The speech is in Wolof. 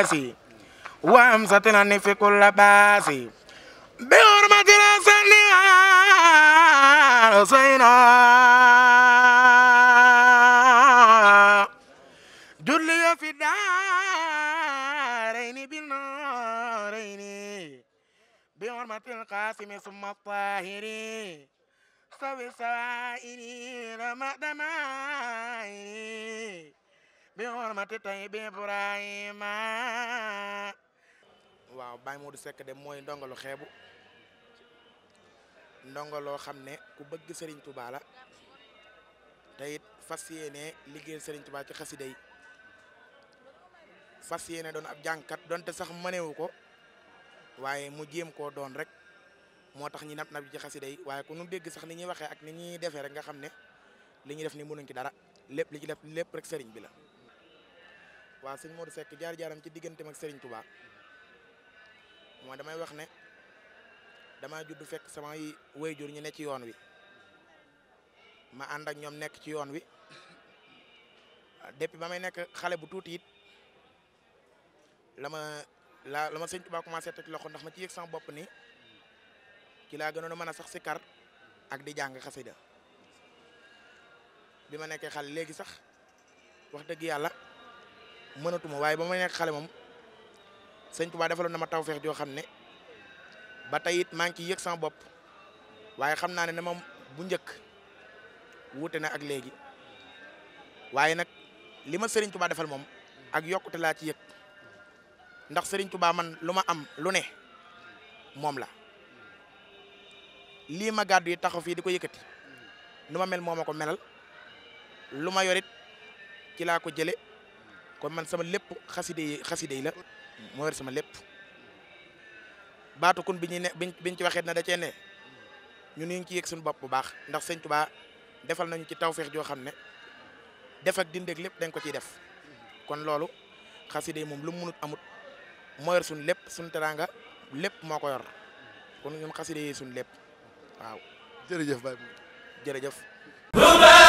الناس وامسطنا في كل باس بحرمة رسلنا حسينا دلي في الدارين بالنارين بحرمة القاسم ثم الطاهرين سوي سوائرين مقدمائرين xormati tayyib Ibrahima waaw Baye Modou Seck de mooy ndongolo xeebu ndongoloo xam ne ku bëgg Serigne tubaala la it fas yéene liggéey Serigne Touba ci xasida yi fas yéene doon ab jànkat donte sax manewu ko waaye mu jéem koo doon rek moo tax ñi nap nap ci xasida yi waaye ku nu dégg sax ni ñuy waxee ak ni ñuy defee rek nga xam ne li ñuy def ni mënuñ ci dara lépp li ci def lépp rek sëriñ bi la wa seigne Modou fekk jaar-jaaram ci digeentem ak seigne Touba mo damay wax ne dama juddou fekk yi wayjur ñu ne ci yoon wi ma and ak ñom nek ci yoon wi depuis ba nek xalé bu tuti it la lama la la ma Touba commencé tek loxo ndax ma ci yek sama bop ni ci la gënon mëna sax ci kar ak di jang xassida bima ma nekkee legi sax wax deug yalla mënatuma waaye ba ma nekk xale moom sëñ Tuubaa defaloon na ma tawfeex joo xam ne ba tey it maa ngi ciy yëg sama bopp waaye xam naa ne na moom bu njëkk wuute na ak léegi waaye nag li ma sëriñ Tuubaa defal moom ak yokkute laa ci yëg ndax sëriñ Tuubaa man lu ma am lu ne moom la lii ma gàddu yi taxaw fii di ko yëkkati nu ma mel moom ma ko melal lu ma yorit ci laa ko jële kon man sama lépp xaside yi xaside yi la moo yor sama lépp baatu kun bi ñu ne biñ ci waxee na da cee ne ñun ñu ngi ci yëg suñ bopp bu baax ndax sëñ Tuubaa defal nañu ci taw feex joo xam ne def ak dindeeg lépp dañ ko ciy def kon loolu xaside yi moom lu mu munut amut moo yor lépp suñ teraanga lépp moo ko yor kon ñun xaside yi suñu lépp waaw. jërëjëf Baye jërëjëf.